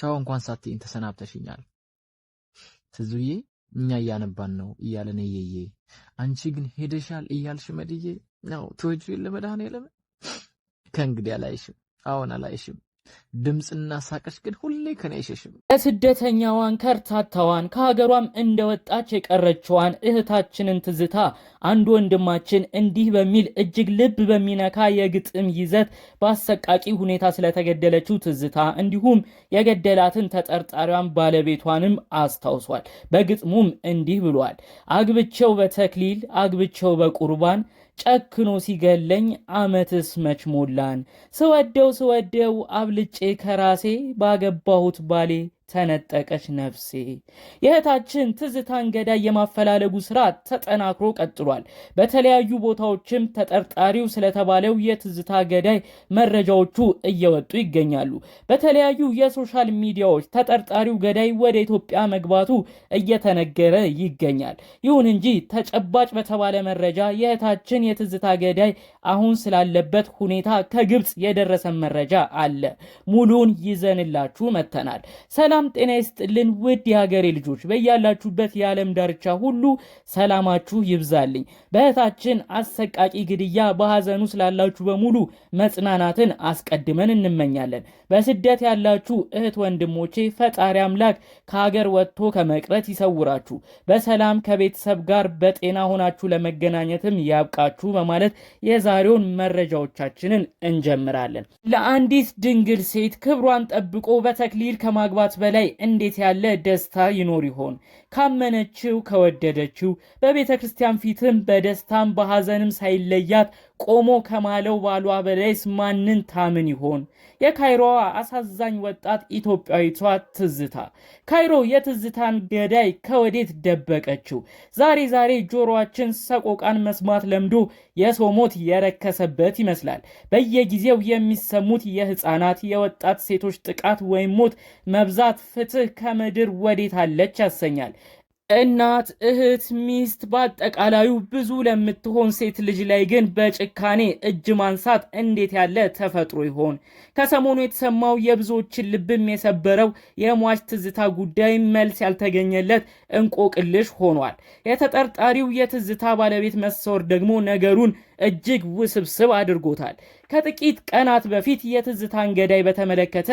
ቻው እንኳን ሳትይኝ ተሰናብተሽኛል። ትዙዬ እኛ እያነባን ነው እያለን እየዬ አንቺ ግን ሄደሻል እያልሽ መድዬ ያው ትወጂ የለ መድኃኔዓለም ከእንግዲህ አላይሽም፣ አሁን አላይሽም ድምፅና ሳቀች ግን ሁሌ ከኔ አይሸሽም። ለስደተኛዋን ከርታታዋን ከሀገሯም እንደወጣች የቀረችዋን እህታችንን ትዝታ አንድ ወንድማችን እንዲህ በሚል እጅግ ልብ በሚነካ የግጥም ይዘት በአሰቃቂ ሁኔታ ስለተገደለችው ትዝታ እንዲሁም የገደላትን ተጠርጣሪዋን ባለቤቷንም አስታውሷል። በግጥሙም እንዲህ ብሏል። አግብቼው በተክሊል አግብቼው በቁርባን ጨክኖ ሲገለኝ አመትስ መች ሞላን ስወደው ስወደው አብልጬ ከራሴ ባገባሁት ባሌ ተነጠቀች ነፍሴ። የእህታችን ትዝታን ገዳይ የማፈላለጉ ስራ ተጠናክሮ ቀጥሏል። በተለያዩ ቦታዎችም ተጠርጣሪው ስለተባለው የትዝታ ገዳይ መረጃዎቹ እየወጡ ይገኛሉ። በተለያዩ የሶሻል ሚዲያዎች ተጠርጣሪው ገዳይ ወደ ኢትዮጵያ መግባቱ እየተነገረ ይገኛል። ይሁን እንጂ ተጨባጭ በተባለ መረጃ የእህታችን የትዝታ ገዳይ አሁን ስላለበት ሁኔታ ከግብፅ የደረሰን መረጃ አለ። ሙሉን ይዘንላችሁ መጥተናል። ሰላም ሰላም ጤና ይስጥልን ውድ የሀገሬ ልጆች በያላችሁበት የዓለም ዳርቻ ሁሉ ሰላማችሁ ይብዛልኝ። በእህታችን አሰቃቂ ግድያ በሐዘኑ ስላላችሁ በሙሉ መጽናናትን አስቀድመን እንመኛለን። በስደት ያላችሁ እህት ወንድሞቼ ፈጣሪ አምላክ ከሀገር ወጥቶ ከመቅረት ይሰውራችሁ፣ በሰላም ከቤተሰብ ጋር በጤና ሆናችሁ ለመገናኘትም ያብቃችሁ በማለት የዛሬውን መረጃዎቻችንን እንጀምራለን። ለአንዲት ድንግል ሴት ክብሯን ጠብቆ በተክሊል ከማግባት በ በላይ እንዴት ያለ ደስታ ይኖር ይሆን? ካመነችው ከወደደችው በቤተ ክርስቲያን ፊትም በደስታም በሐዘንም ሳይለያት ቆሞ ከማለው ባሏ በላይስ ማንን ታምን ይሆን? የካይሮዋ አሳዛኝ ወጣት ኢትዮጵያዊቷ ትዝታ ካይሮ የትዝታን ገዳይ ከወዴት ደበቀችው? ዛሬ ዛሬ ጆሮአችን ሰቆቃን መስማት ለምዶ የሰው ሞት የረከሰበት ይመስላል። በየጊዜው የሚሰሙት የህፃናት የወጣት ሴቶች ጥቃት ወይም ሞት መብዛት ፍትህ ከምድር ወዴት አለች ያሰኛል። እናት፣ እህት፣ ሚስት በአጠቃላዩ ብዙ ለምትሆን ሴት ልጅ ላይ ግን በጭካኔ እጅ ማንሳት እንዴት ያለ ተፈጥሮ ይሆን? ከሰሞኑ የተሰማው የብዙዎችን ልብም የሰበረው የሟች ትዝታ ጉዳይ መልስ ያልተገኘለት እንቆቅልሽ ሆኗል። የተጠርጣሪው የትዝታ ባለቤት መሰወር ደግሞ ነገሩን እጅግ ውስብስብ አድርጎታል። ከጥቂት ቀናት በፊት የትዝታን ገዳይ በተመለከተ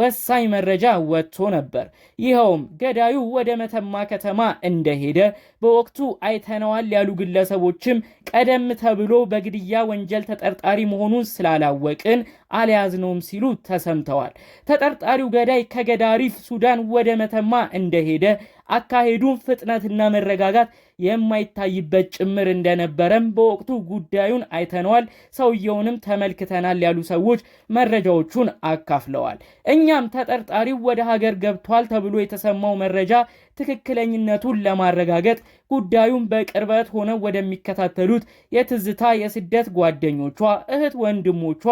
ወሳኝ መረጃ ወጥቶ ነበር። ይኸውም ገዳዩ ወደ መተማ ከተማ እንደሄደ በወቅቱ አይተነዋል ያሉ ግለሰቦችም ቀደም ተብሎ በግድያ ወንጀል ተጠርጣሪ መሆኑን ስላላወቅን አልያዝነውም ሲሉ ተሰምተዋል። ተጠርጣሪው ገዳይ ከገዳሪፍ ሱዳን ወደ መተማ እንደሄደ አካሄዱን ፍጥነትና መረጋጋት የማይታይበት ጭምር እንደነበረም በወቅቱ ጉዳዩን አይተነዋል፣ ሰውየውንም ተመልክተናል ያሉ ሰዎች መረጃዎቹን አካፍለዋል። እኛም ተጠርጣሪው ወደ ሀገር ገብቷል ተብሎ የተሰማው መረጃ ትክክለኝነቱን ለማረጋገጥ ጉዳዩን በቅርበት ሆነው ወደሚከታተሉት የትዝታ የስደት ጓደኞቿ፣ እህት ወንድሞቿ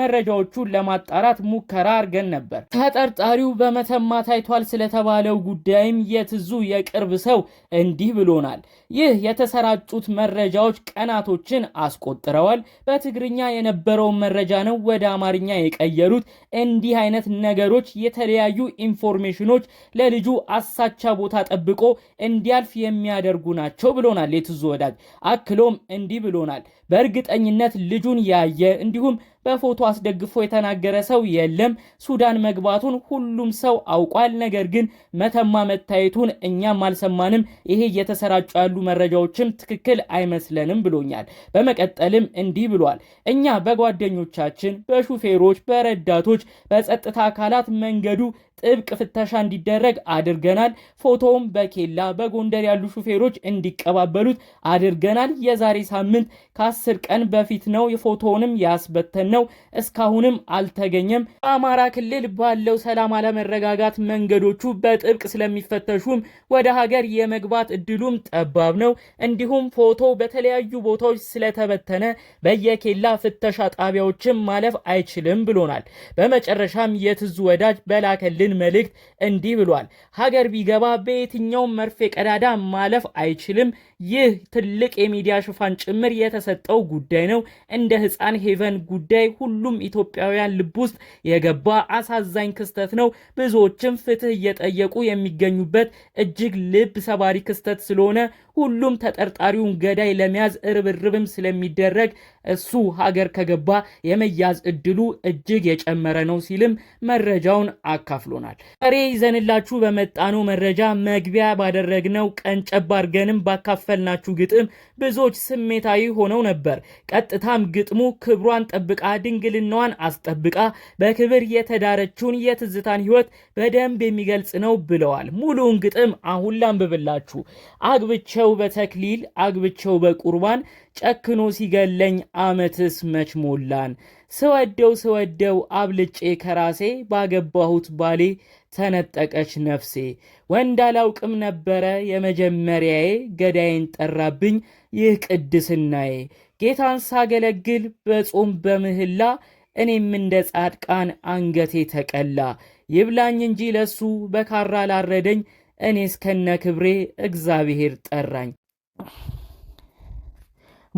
መረጃዎቹን ለማጣራት ሙከራ አድርገን ነበር። ተጠርጣሪው በመተማ ታይቷል ስለተባለው ጉዳይም የትዙ የቅርብ ሰው እንዲህ ብሎናል። ይህ የተሰራጩት መረጃዎች ቀናቶችን አስቆጥረዋል። በትግርኛ የነበረውን መረጃ ነው ወደ አማርኛ የቀየሩት። እንዲህ አይነት ነገሮች የተለያዩ ኢንፎርሜሽኖች ለልጁ አሳቻ ቦታ ቦታ ጠብቆ እንዲያልፍ የሚያደርጉ ናቸው ብሎናል የትዙ ወዳጅ። አክሎም እንዲህ ብሎናል፣ በእርግጠኝነት ልጁን ያየ እንዲሁም በፎቶ አስደግፎ የተናገረ ሰው የለም። ሱዳን መግባቱን ሁሉም ሰው አውቋል። ነገር ግን መተማ መታየቱን እኛም አልሰማንም። ይሄ እየተሰራጩ ያሉ መረጃዎችም ትክክል አይመስለንም ብሎኛል። በመቀጠልም እንዲህ ብሏል። እኛ በጓደኞቻችን፣ በሹፌሮች፣ በረዳቶች፣ በጸጥታ አካላት መንገዱ ጥብቅ ፍተሻ እንዲደረግ አድርገናል። ፎቶውም በኬላ በጎንደር ያሉ ሹፌሮች እንዲቀባበሉት አድርገናል። የዛሬ ሳምንት ከአስር ቀን በፊት ነው የፎቶውንም ያስበተን ነው። እስካሁንም አልተገኘም። በአማራ ክልል ባለው ሰላም አለመረጋጋት መንገዶቹ በጥብቅ ስለሚፈተሹም ወደ ሀገር የመግባት እድሉም ጠባብ ነው። እንዲሁም ፎቶ በተለያዩ ቦታዎች ስለተበተነ በየኬላ ፍተሻ ጣቢያዎችም ማለፍ አይችልም ብሎናል። በመጨረሻም የትዙ ወዳጅ በላከልን ይህንን መልእክት እንዲህ ብሏል። ሀገር ቢገባ በየትኛውም መርፌ ቀዳዳ ማለፍ አይችልም። ይህ ትልቅ የሚዲያ ሽፋን ጭምር የተሰጠው ጉዳይ ነው። እንደ ህፃን ሄቨን ጉዳይ ሁሉም ኢትዮጵያውያን ልብ ውስጥ የገባ አሳዛኝ ክስተት ነው። ብዙዎችም ፍትህ እየጠየቁ የሚገኙበት እጅግ ልብ ሰባሪ ክስተት ስለሆነ ሁሉም ተጠርጣሪውን ገዳይ ለመያዝ እርብርብም ስለሚደረግ እሱ ሀገር ከገባ የመያዝ እድሉ እጅግ የጨመረ ነው ሲልም መረጃውን አካፍሎናል። ሬ ይዘንላችሁ በመጣነው መረጃ መግቢያ ባደረግነው ቀን ጨባር ባካፈ በዘፈናችሁ ግጥም ብዙዎች ስሜታዊ ሆነው ነበር። ቀጥታም ግጥሙ ክብሯን ጠብቃ ድንግልናዋን አስጠብቃ በክብር የተዳረችውን የትዝታን ሕይወት በደንብ የሚገልጽ ነው ብለዋል። ሙሉውን ግጥም አሁን ላንብብላችሁ። አግብቸው በተክሊል አግብቸው በቁርባን ጨክኖ ሲገለኝ አመትስ መች ሞላን ስወደው ስወደው አብልጬ ከራሴ ባገባሁት ባሌ ተነጠቀች ነፍሴ ወንድ አላውቅም ነበረ የመጀመሪያዬ ገዳይን ጠራብኝ ይህ ቅድስናዬ ጌታን ሳገለግል በጾም በምህላ እኔም እንደ ጻድቃን አንገቴ ተቀላ ይብላኝ እንጂ ለሱ በካራ ላረደኝ እኔ እስከነ ክብሬ እግዚአብሔር ጠራኝ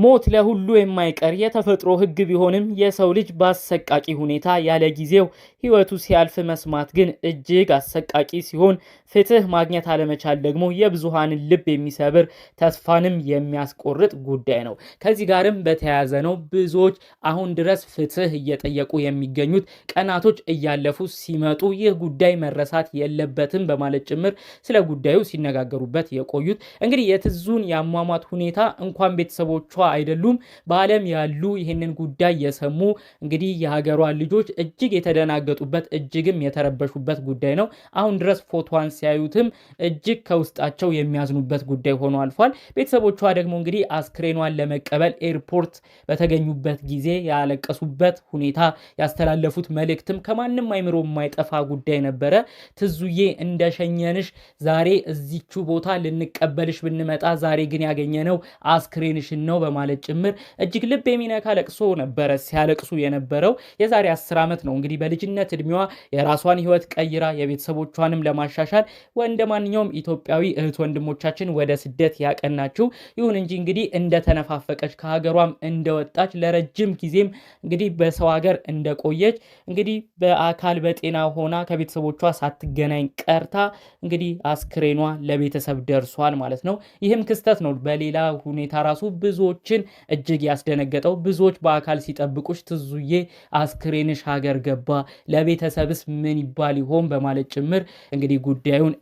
ሞት ለሁሉ የማይቀር የተፈጥሮ ሕግ ቢሆንም የሰው ልጅ በአሰቃቂ ሁኔታ ያለ ጊዜው ሕይወቱ ሲያልፍ መስማት ግን እጅግ አሰቃቂ ሲሆን ፍትህ ማግኘት አለመቻል ደግሞ የብዙሃንን ልብ የሚሰብር ተስፋንም የሚያስቆርጥ ጉዳይ ነው። ከዚህ ጋርም በተያያዘ ነው ብዙዎች አሁን ድረስ ፍትህ እየጠየቁ የሚገኙት። ቀናቶች እያለፉ ሲመጡ ይህ ጉዳይ መረሳት የለበትም በማለት ጭምር ስለ ጉዳዩ ሲነጋገሩበት የቆዩት እንግዲህ የትዙን የአሟሟት ሁኔታ እንኳን ቤተሰቦቿ አይደሉም። በዓለም ያሉ ይህንን ጉዳይ የሰሙ እንግዲህ የሀገሯ ልጆች እጅግ የተደናገጡበት እጅግም የተረበሹበት ጉዳይ ነው። አሁን ድረስ ፎቶዋን ሲያዩትም እጅግ ከውስጣቸው የሚያዝኑበት ጉዳይ ሆኖ አልፏል። ቤተሰቦቿ ደግሞ እንግዲህ አስክሬኗን ለመቀበል ኤርፖርት በተገኙበት ጊዜ ያለቀሱበት ሁኔታ ያስተላለፉት መልእክትም ከማንም አይምሮ የማይጠፋ ጉዳይ ነበረ። ትዙዬ እንደሸኘንሽ ዛሬ እዚቹ ቦታ ልንቀበልሽ ብንመጣ ዛሬ ግን ያገኘነው አስክሬንሽን ነው በማለት ጭምር እጅግ ልብ የሚነካ ለቅሶ ነበረ ሲያለቅሱ የነበረው። የዛሬ አስር ዓመት ነው እንግዲህ በልጅነት እድሜዋ የራሷን ህይወት ቀይራ የቤተሰቦቿንም ለማሻሻል እንደ ማንኛውም ኢትዮጵያዊ እህት ወንድሞቻችን ወደ ስደት ያቀናችው። ይሁን እንጂ እንግዲህ እንደተነፋፈቀች ከሀገሯም እንደወጣች ለረጅም ጊዜም እንግዲህ በሰው ሀገር እንደቆየች እንግዲህ በአካል በጤና ሆና ከቤተሰቦቿ ሳትገናኝ ቀርታ እንግዲህ አስክሬኗ ለቤተሰብ ደርሷል ማለት ነው። ይህም ክስተት ነው በሌላ ሁኔታ ራሱ ብዙዎች ሰዎችን እጅግ ያስደነገጠው ብዙዎች በአካል ሲጠብቁሽ ትዙዬ አስክሬንሽ ሀገር ገባ ለቤተሰብስ ምን ይባል ይሆን በማለት ጭምር እንግዲህ ጉዳዩን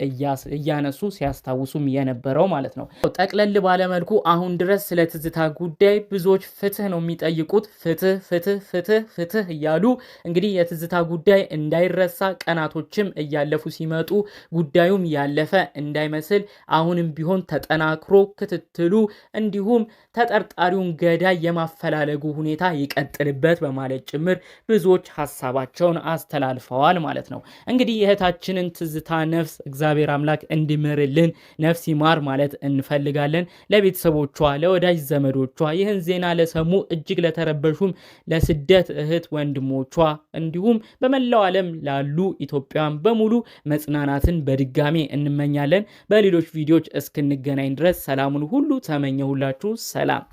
እያነሱ ሲያስታውሱም የነበረው ማለት ነው። ጠቅለል ባለመልኩ አሁን ድረስ ስለ ትዝታ ጉዳይ ብዙዎች ፍትህ ነው የሚጠይቁት። ፍትህ ፍትህ ፍትህ ፍትህ እያሉ እንግዲህ የትዝታ ጉዳይ እንዳይረሳ ቀናቶችም እያለፉ ሲመጡ ጉዳዩም ያለፈ እንዳይመስል አሁንም ቢሆን ተጠናክሮ ክትትሉ እንዲሁም ተጠርጣ ተጠርጣሪውን ገዳይ የማፈላለጉ ሁኔታ ይቀጥልበት በማለት ጭምር ብዙዎች ሀሳባቸውን አስተላልፈዋል ማለት ነው። እንግዲህ የእህታችንን ትዝታ ነፍስ እግዚአብሔር አምላክ እንዲምርልን ነፍስ ይማር ማለት እንፈልጋለን። ለቤተሰቦቿ፣ ለወዳጅ ዘመዶቿ፣ ይህን ዜና ለሰሙ እጅግ ለተረበሹም ለስደት እህት ወንድሞቿ፣ እንዲሁም በመላው ዓለም ላሉ ኢትዮጵያን በሙሉ መጽናናትን በድጋሜ እንመኛለን። በሌሎች ቪዲዮዎች እስክንገናኝ ድረስ ሰላሙን ሁሉ ተመኘሁላችሁ። ሰላም